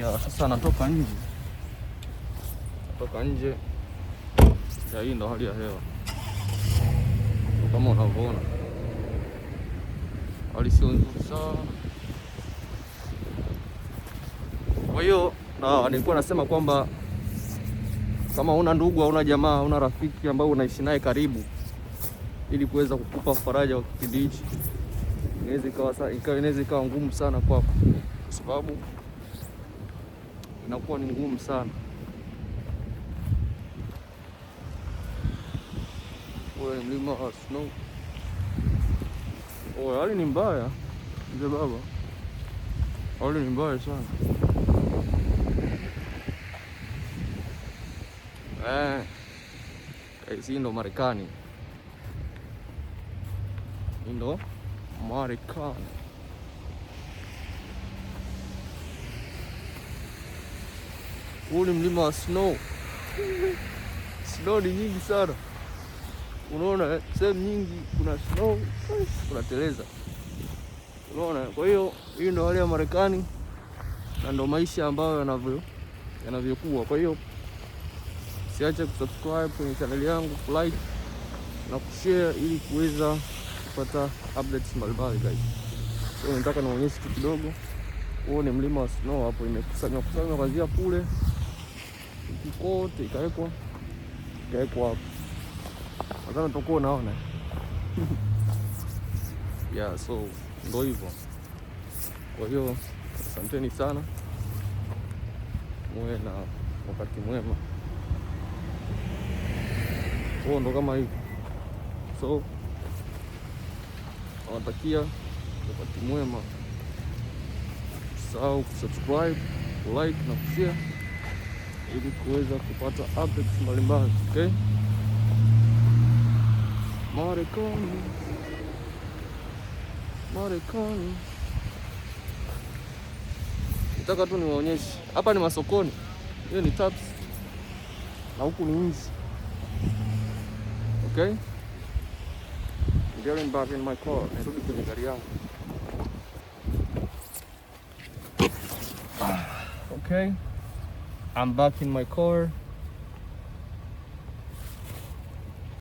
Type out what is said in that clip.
ya Sasa anatoka nje, anatoka nje ya hii, ndo hali ya hewa kama unavyoona, hali sio nzuri sana. Kwa hiyo na nilikuwa nasema kwamba kama una ndugu, una jamaa, una rafiki ambao unaishi naye karibu, ili kuweza kukupa faraja wa kipindi hichi, inaweza ikawa ngumu sana kwako, kwa sababu inakuwa ni ngumu sana. Uwe ni mlima wa snow. Oh, hali ni mbaya mzee baba, hali ni mbaya sana eh. eh ndo Marekani, hii ndo Marekani. Huu ni mlima wa snow. Snow ni nyingi sana, unaona eh, Sehemu nyingi kuna snow, kuna teleza, unaona. Kwa hiyo hii ndo hali ya Marekani na ndo maisha ambayo yanavyo yanavyokuwa. Kwa hiyo siache kusubscribe kwenye chaneli yangu, kulike na kushare ili kuweza kupata updates mbalimbali guys. So nataka naonyeshe kitu kidogo. Huo ni mlima wa snow hapo, imekusanywa kusanywa kuanzia kule kote ikawekwa ikawekwa hapo wakati unapokuwa unaona yeah, so ndo hivyo. Kwa hiyo asanteni sana, muwe na wakati mwema. Huo ndo kama hivyo, so nawatakia wakati mwema. Usahau kusubscribe, like na kushare ili kuweza kupata updates mbalimbali. Okay, Marekani, Marekani, nataka tu niwaonyeshe hapa ni masokoni, hiyo ni taps na huku ni nzi. Okay, getting back in my car, narudi kwenye gari yangu. Okay. I'm back in my car